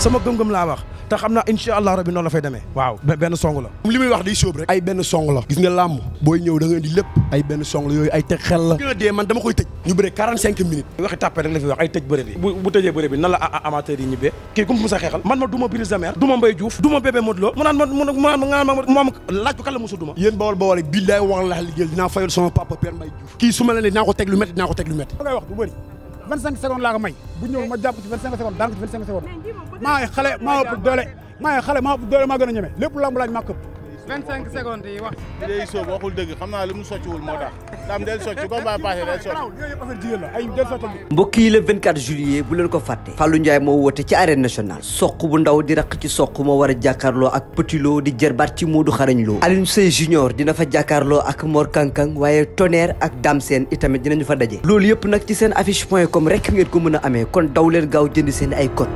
sama gëm-gëm laa wax te xam naa incha allah rabi noonu la fay demee waaw benn song la li muy wax di sóob rek ay benn song la gis nga làmm booy ñëw da indi lépp ay benn song la yooyu ay teg xel la gën a dee man dama koy tëj ñu bëre 45 minutes waxi tàppee rek la fi wax ay tëj bëre bi bu tëjee bëre bi nan la amateur yi ñibbee kii ku mu sa xeexal man ma duma Brise de Mer duma Mbaye Diouf duma bébé Modou Lo ma mu naan ma moom ko kan la mosu duma yéen bawal bawal rek billaay wax la liggéey vingt cinq secondes laa ko may bu ñëw ma jàpp ci vingt cinq secondes daan ko ci vingt cinq secondes maa ngi xale maa ëpp doole maa ngi xale maa ëpp doole maa gën a ñeme lépp lamb laaj maa këpp 25 secondes yi wax. léegi Sow mu socciwul moo tax daam del socc combat passé del socc. mbokk yi bu leen ko fàtte. Fallou Ndiaye moo woote ci arène national soq bu ndaw di raq ci soq moo war a jàkkaarloo ak Petit di di jërbaat ci Modou Xarañ Lo. Alioune Seye Junior dina fa jàkkaarloo ak Mor Kankang waaye Tonnerre ak Dame Sène itamit dinañu fa daje. loolu yëpp nag ci seen affice point com rek ngeen ko mën a amee kon daw leen gaaw jënd seen ay code.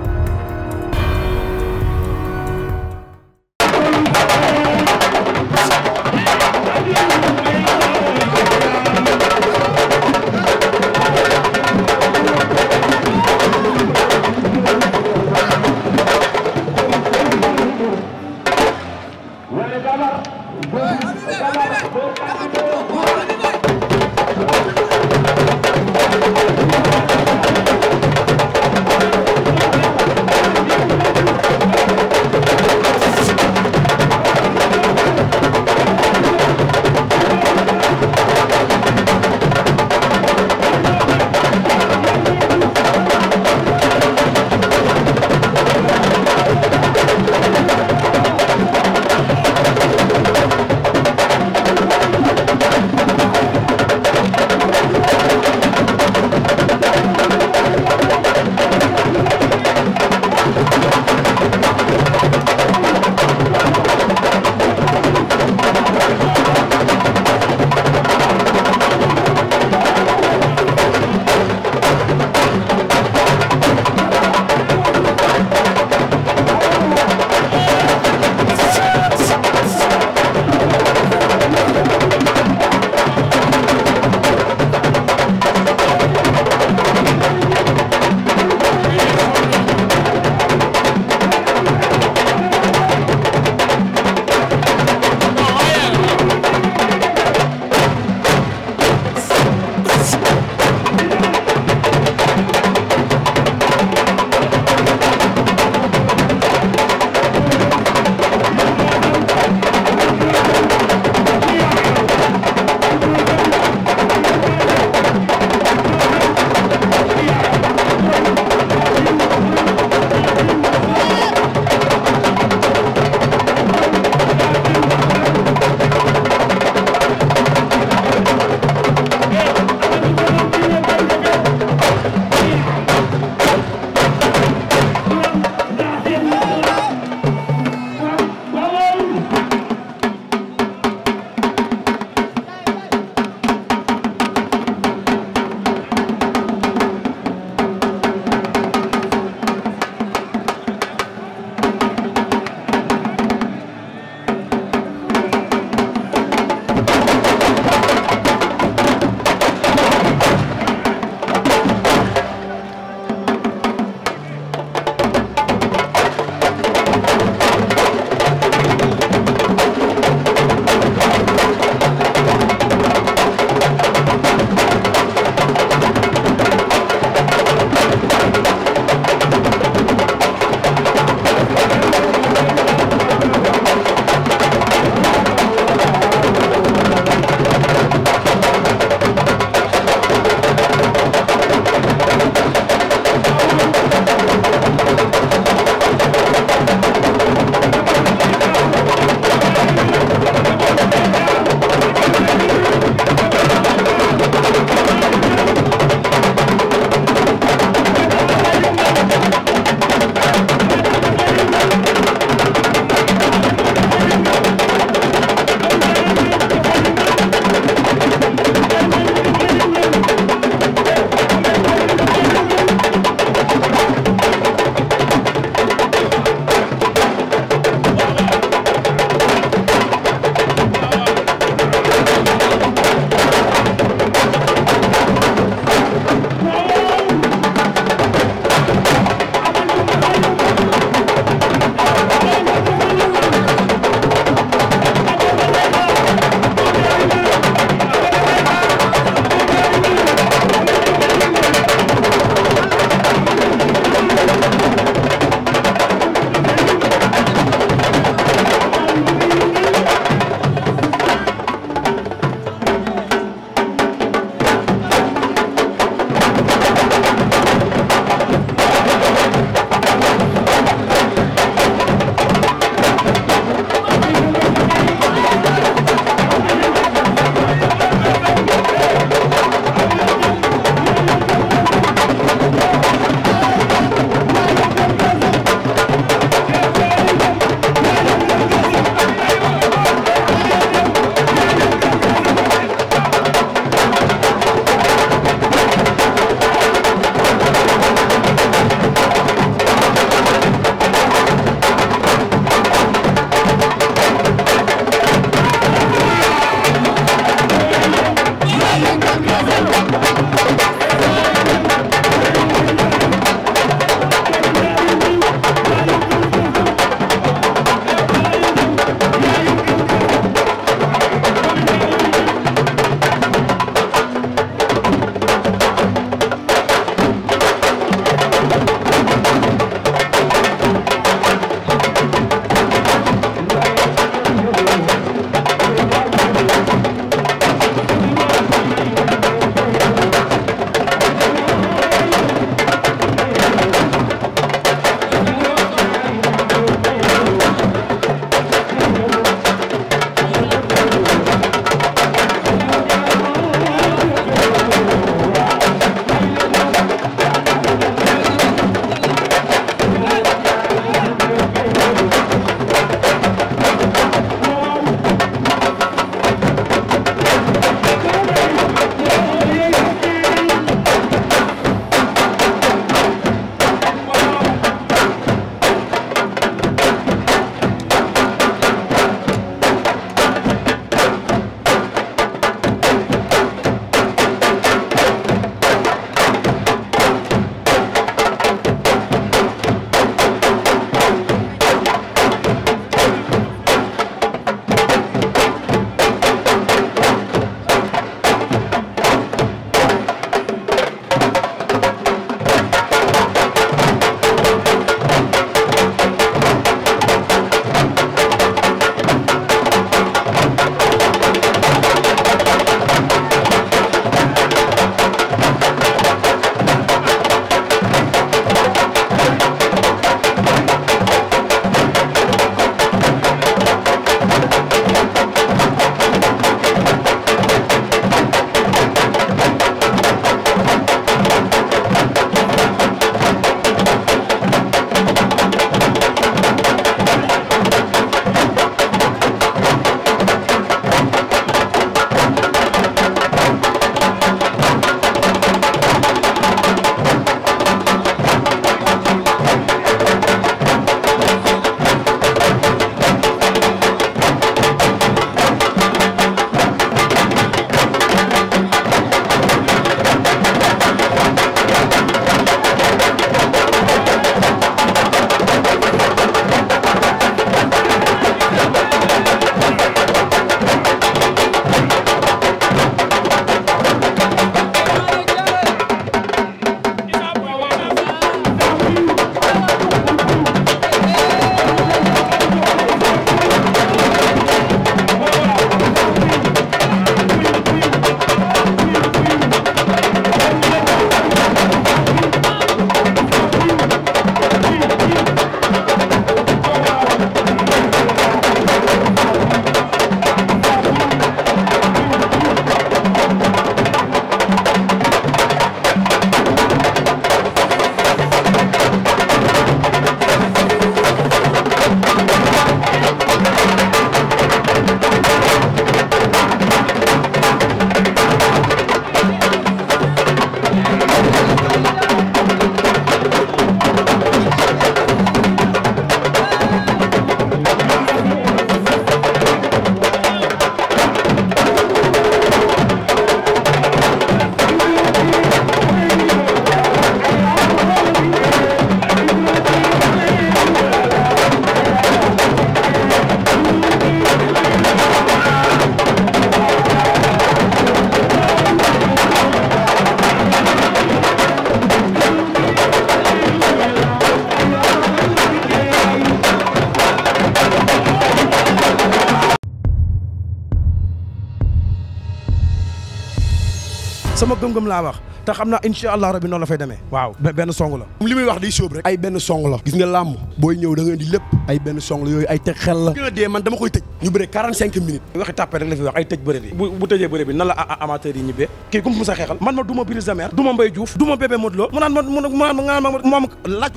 sama gëm-gëm laa wax te xam naa incha allah rabi noonu la fay deme waaw benn song la li muy wax di sóob rek ay benn song la gis nga làmb booy ñëw da nga lépp ay benn song yooyu ay teg xel la a dee man dama koy tëj ñu bëre 45 minutes waxi tàppee rek la fi wax ay tëj bëre bi bu tëjee bëre bi nan la amateur yi ñibbee kii comme mu xeexal man ma duma Brise de Mer duma Mbaye Diouf duma bébé Modou Lo mu ma mu naan ma moom laaj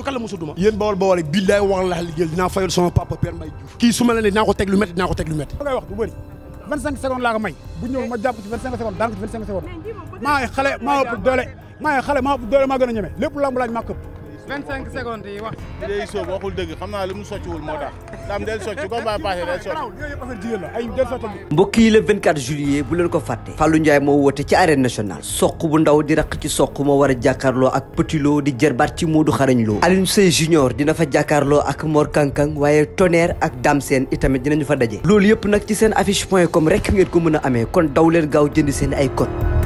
ma la vingt cinq secondes laa ko may bu ñëw ma jàpp ci vingt cinq secondes daan ko ci vingt cinq secondes maa xale maa ëpp doole maa xale maa ëpp doole maa gën a ñeme lépp lamb laaj maa këpp 25 secondes yi wax. léegi soobu waxul mu socciwul moo tax daam del socci comme ba passé del socci. bu leen ko fàtte. Fallou Ndiaye moo woote ci arène national soq bu ndaw di raq ci soq moo war a jàkkaarloo ak Petit di di jërbaat ci Modou Xarañ Lo. Alioune Seye junior dina fa jàkkaarloo ak moor kankan waaye Tonnerre ak Dame Sène itamit dinañu fa daje. loolu yëpp nag ci seen affice point comme rek ngeen ko mën a amee kon daw leen gaaw jënd seen ay code.